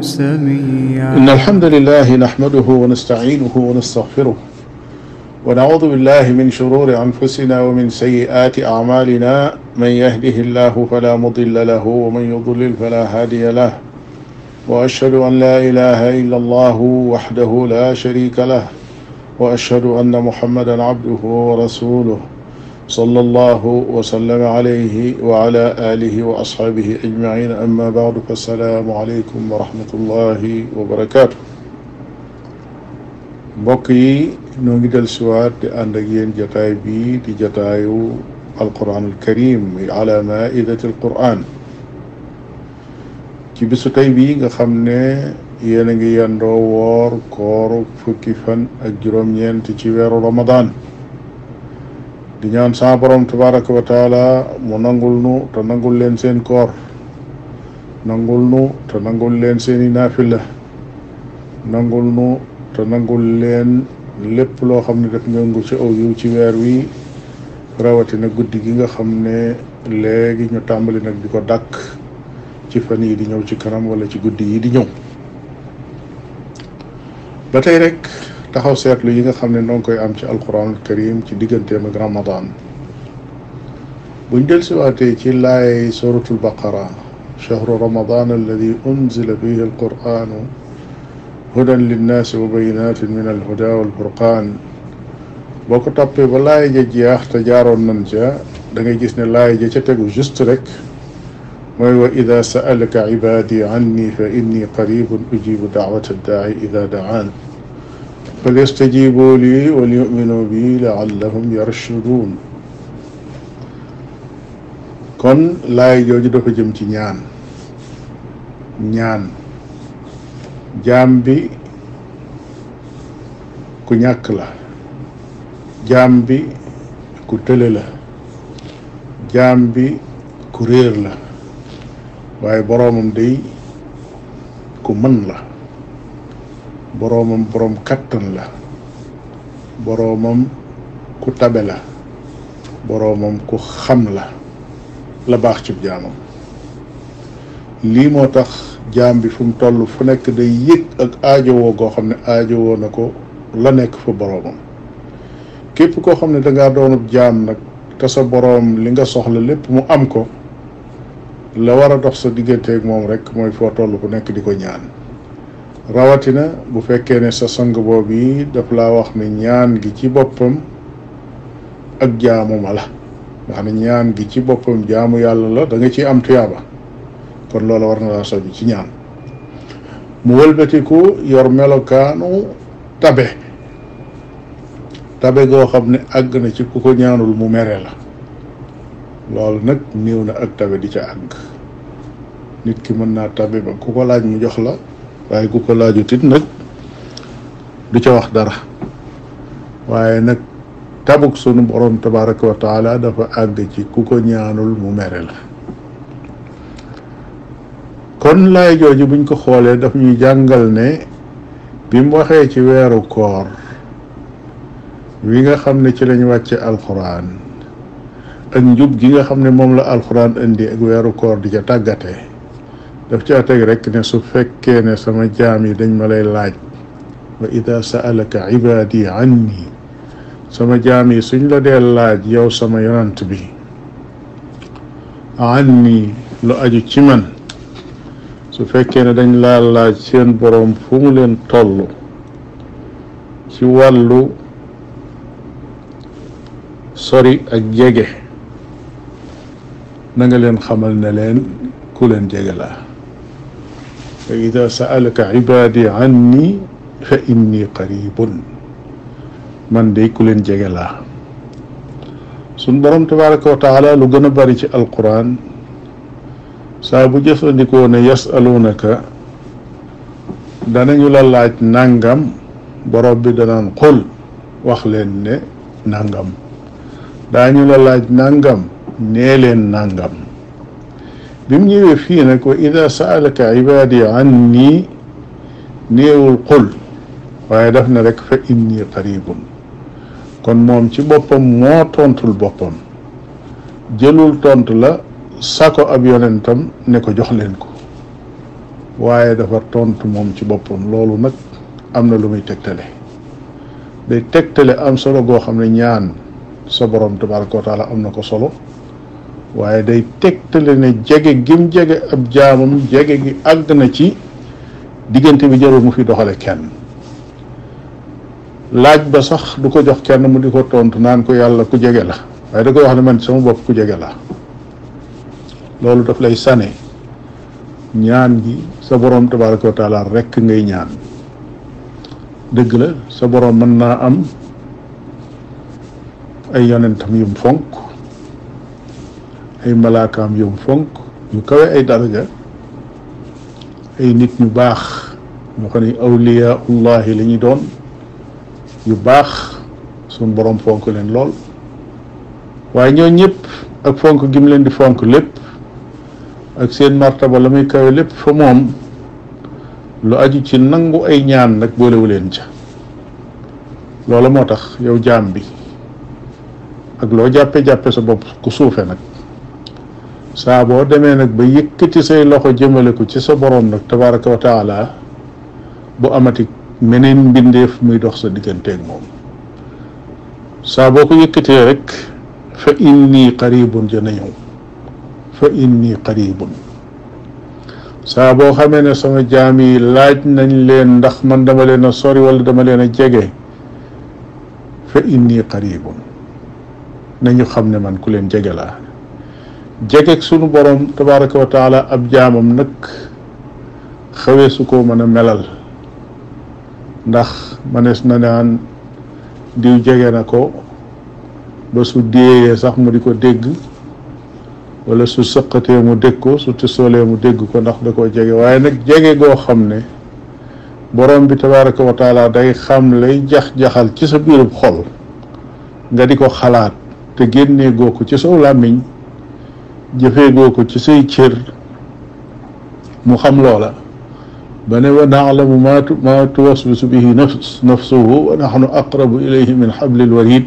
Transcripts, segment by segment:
سميع إن الحمد لله نحمده ونستعينه ونستغفره ونعوذ بالله من شرور أنفسنا ومن سيئات أعمالنا من يهده الله فلا مضل له ومن يضلل فلا هادي له وأشهد أن لا إله إلا الله وحده لا شريك له وأشهد أن محمدا عبده ورسوله sala allahu wasallama alayhi wa ala alihi wa ashaabihi ajmain amma baadu fa salaamu aleykum wa rahmatullahi wa barakaatu mbokk yi noo ngi del siwaat di ànd ak yéen jataay bii di jataayu alquran alkarim muy ala maidati alquran ci bisu tey bii nga xam ne yéen a ngi yendoo woor kooru fukki fan ak juróom-ñeent ci weeru ramadan di ñaan sa borom tabaraka wa taala mu nangul nu te nangul leen seen koor nangul nu te nangul leen seeni naafila nangul nu te nangul leen lépp loo xam ne def ngeen ci aw yiw ci weer wi rawatina guddi gi nga xam ne léegi ñu tàmbali nag di ko dakk ci fan yi di ñëw ci kanam wala ci guddi yi di ñëw ba tey rek taxaw seetlu yi nga xam ne noo ngi koy am ci alquranul karim ci digganteem ak ramadan buñ delsiwaatee ci laay suratul baqara chahru ramadan alladi unzila fihi alquranu hudan linnaasi wa bayinatin min alhuda walfurqaan boo ko toppee ba laay ja te jaaroon nan ca da gis ne laay ja ca tegu juste rek mooy wa ida saalaka ibadi anni fa inni qaribun ujibu daawata ddaai ida daan فليستجيبوا لي وليؤمنوا بي لعلهم يرشدون kon laay jooju dafa jëm ci ñaan ñaan jaam bi ku ñàkk la jaam bi ku tële la jaam bi ku réer la waaye boroomam day ku mën la boroomam boroom kattan la boroomam ku tabe la boroomam ku xam la la baax ci jaamam lii moo tax jaam bi fum mu toll fu nekk day yëg ak aajowoo goo xam ne aajowoo na ko la nekk fa boroomam képp koo xam ne danga doonub jaam nag te sa boroom li nga soxla lépp mu am ko la war a dox sa digganteeg moom rek mooy foo toll ku nekk di ko ñaan rawatina bu fekkee ne sa sang boobu yi daf laa wax ne ñaan gi ci boppam ak jaamu la nga xam ñaan gi ci boppam jaamu yàlla la danga ci ciy am tuyaaba kon loolu war na laa soññ ci ñaan mu wëlbatiku yor melokaanu tabe tabe goo xam ne àgg na ci ku ko ñaanul mu mere la loolu nag néew na ak tabe di ca àgg nit ki mën naa tabe ba ku ko laaj mu jox la waaye ku ko laajut it nag du ca wax dara waaye nag tabuk sunu borom tabaraka wa dafa àgg ci ku ko ñaanul mu mere la kon laay jooju buñ ko xoolee daf ñuy jàngal ne bi mu waxee ci weeru koor wi nga xam ne ci lañ wàcce alxuraan ak njub gi nga xam ne moom la alxuraan indi ak weeru koor di ca tàggatee daf ci teg rek ne su fekkee ne sama jaam yi dañ ma lay laaj wa ida saalaka ibaadi anni sama jaam yi suñ la dee laaj yow sama yonant bi anni lu aju ci man su fekkee ne dañ laa laaj seen boroom fu mu leen toll ci wàllu sori ak jege na leen xamal ne leen ku leen jege laa wa ida saalaka ibaadi anni fa inni qaribun man day ku leen jege la suñ boroom tabaraka wa taala lu gën a bari ci alquran saa bu jëfandikoo ne yasalunaka danañu la laaj nangam boroom bi danaan xul wax leen ne nangam daañu la laaj nangam nee leen nangam bi mu ñëwee fii nag wa ida saalaka ibaadi anni néewul qul waaye daf na rek fa inni qaribun kon moom ci boppam moo tontul boppam jëlul tontu la sako ab yonentam ne ko jox leen ko waaye dafa tontu moom ci boppam loolu nag am na lu muy tegtale day tegtale am solo goo xam ne ñaan sa borom tabaraka wa taala am na ko solo waaye day tegtale ne jege gim jege ab jaamam jege gi àgg na ci diggante bi jarul mu fi doxale kenn laaj ba sax du ko jox kenn mu di ko tontu naan ko yàlla ku jege la waaye da koy wax ne man sama bopp ku jege la loolu daf lay sane ñaan gi sa boroom tabaraka wa taala rekk ngay ñaan dëgg la sa boroom mën naa am ay yonentam yum fonk ay malaakaam yom fonk ñu kawe ay daraja ay nit ñu baax ñoo xam ne awliyaullahi la lañuy doon yu baax suñ borom fonk leen lool waaye ñoo ñëpp ak fonk gi mu leen di fonk lépp ak seen martaba la muy kawe lépp fa moom lu aju ci nangu ay ñaan nag boolewu leen ca loola moo tax yow jaam bi ak loo jàppe jàppe sa bopp ku suufe nag saa boo demee nag ba yëkkati say loxo jëmale ko ci sa boroom nag tabaraka wa taala bu amatik meneen mbindeef muy dox sa digganteeg moom saa boo ko yëkkatee rek fa inni qaribun jana ñëw fa inni qaribun saa boo xamee ne sama jaam yi laaj nañ leen ndax man dama leen a sori wala dama leen a jege fa inni qaribun nañu xam ne man ku leen jege laa jegeeg sunu borom tabaraka wa ab jaamam nag xawee su ko mën a melal ndax mënees na naan diw jege na ko ba su déeyee sax mu di ko dégg wala su sëqatee mu dégg ko su tisoolee mu dégg ko ndax da koo jege waaye nag jege goo xam ne borom bi tabaraka wa day xam lay jax-jaxal ci sa biirub xol nga di ko xalaat te génnee goo ko ci saw làmmiñ jëfe goo ko ci say cër mu xam loola ba ne wa naalamu ma ma tuwaswisu bihi nafs nafsuhu wa nahnu aqrabu ilayhi min xablil warid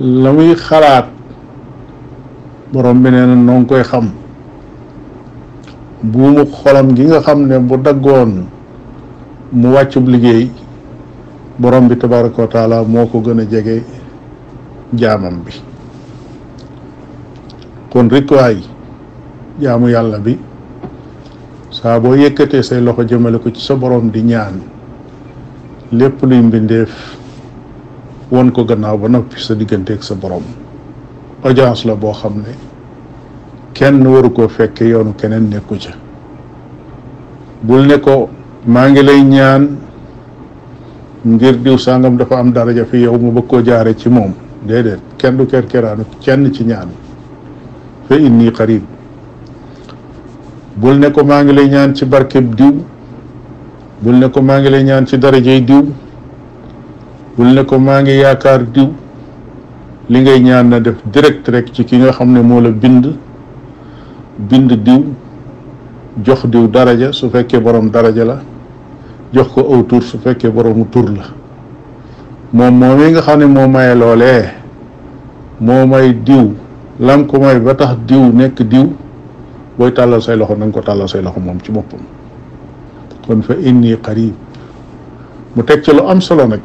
la muy xalaat borom bi nee na noo koy xam buumu xolam gi nga xam ne bu daggoon mu wàccub liggéey borom bi tabaraka wa taala moo ko gën a jege jaamam bi kon rek waay jaamu yàlla bi saa boo yëkkatee say loxo jëmale ko ci sa boroom di ñaan lépp luy mbindeef won ko gannaaw ba noppi sa diggante ak sa boroom audience la boo xam ne kenn waru koo fekke yoonu keneen nekku ca bul ne ko maa ngi lay ñaan ngir diw sàngam dafa am daraja fi yow mu bëgg koo jaaree ci moom déedéet kenn du kerkeraanu kenn ci ñaan fa inni qarib bul ne ko maa ngi lay ñaan ci barkeb diw bul ne ko maa ngi lay ñaan ci darajey diw bul ne ko maa ngi yaakaar diw li ngay ñaan na def direct rek ci ki nga xam ne moo la bind bind diw jox diw daraja su fekkee borom daraja la jox ko aw su fekkee boromu tur la moom moom yi nga xam ne moo maye loolee moo may diw lam ko mooy ba tax diw nekk diw booy tàllal say loxo na ko tàllal say loxo moom ci boppam kon fa indi qarib mu teg ci lu am solo nag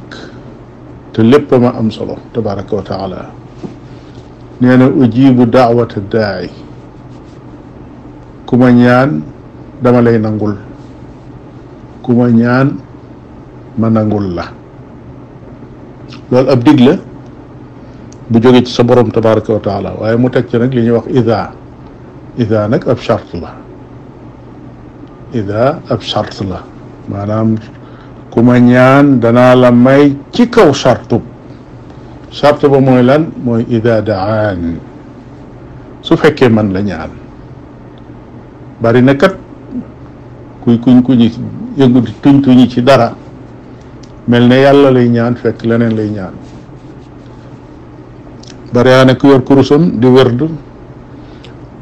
te lépp ma am solo tabaraka wa taala nee na ujibu daawata daay ku ma ñaan dama lay nangul ku ma ñaan ma nangul la loolu ab dig bu jógee ci sa borom tabaraka wa taala waaye mu teg ci nag li ñuy wax ida ida nag ab charte la ida ab charte la maanaam ku ma ñaan danaa la may ci kaw charte charte ba mooy lan mooy ida daan su fekkee man la ñaan bari na kat kuy kuñ kuñi yëngu tuñ tuñi ci dara mel ne yàlla lay ñaan fekk leneen lay ñaan bariyaa ne ku yor kurusam di werd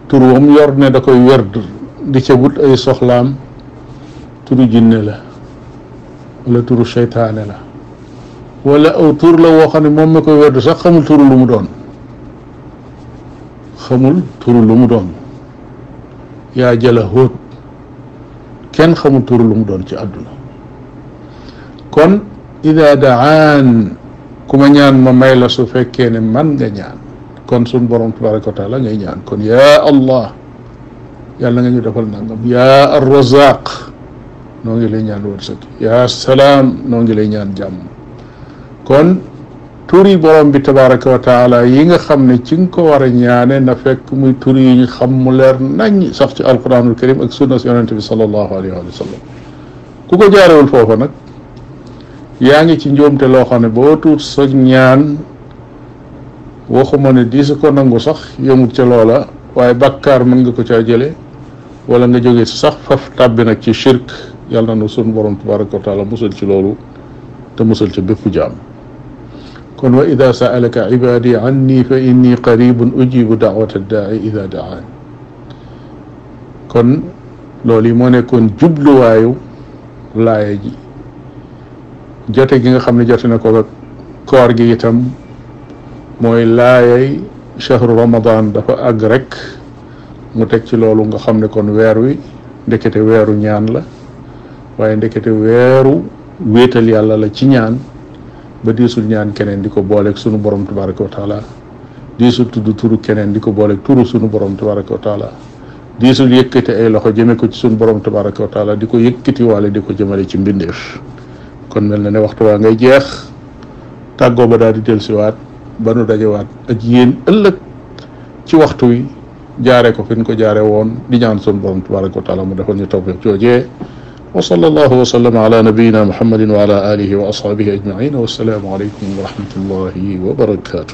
tur wam yor ne da koy werd di ca ay soxlaam turu jinne la wala turu seytaane la wala aw tur la woo xam ne moom mi koy werd sax xamul turu lu mu doon xamul turu lu mu doon yaa jëla xóot kenn xamul turu lu mu doon ci àdduna kon ida daan ku ma ñaan ma may la su fekkee ne man nga ñaan kon suñ borom tabaraka wa taala ngay ñaan kon yaa allah yàlla nga ñu defal nangam ya arrazaq noo ngi lay ñaan wërsëg yaa salaam noo ngi lay ñaan jàmm kon turi borom bi tabaraka wa taala yi nga xam ne ci nga ko war a ñaane na fekk muy turi yi ñu xam mu leer nañ sax ci alquranul karim ak sunna si yonente bi sallallahu alayhi wa ku ko jaarewul foofa nag yaa ngi ci njuumte loo xam ne boo tuut sa ñaan waxuma ne di su ko nangu sax yëmut ca loola waaye bàkkaar mën nga ko caa jële walla nga jóge sax faf tàbbi nag ci shirk yàlla na nu sun borom tabaraka wa taala musal ci loolu te musal ci bépp jaam kon wa ida saalaka ibadi anni fa inni qaribun ujibu daawata daai kon loolu yi moo nekkoon jubluwaayu laaya ji jote gi nga xam ne jote na ko koor gi itam mooy laayay chahru ramadan dafa àgg rek mu teg ci loolu nga xam ne kon weer wi ndekete weeru ñaan la waaye ndekete weeru wéetal yàlla la ci ñaan ba diisul ñaan keneen di ko booleeg sunu borom tabaraka wa taala diisul tudd turu keneen di ko booleeg turu sunu borom tabaraka wa taala diisul yëkkati ay loxo jëme ko ci sunu borom tabaraka wa di ko yëkkati waale di ko jëmale ci mbindeef kon mel na ne waxtu waa ngay jeex tàggoo ba daal di dellusiwaat ba nu dajewaat ak yéen ëllëg ci waxtu wi jaare ko fi ñu ko jaare woon di ñaan sun borom tabaraka wa taala mu defal ñu tawfiq joojee wa sallallahu wa sallama ala nabiyina muhammadin wa ala alihi wa ashabihi ajmain wassalaamu aleykum wa rahmatullahi wa barakatu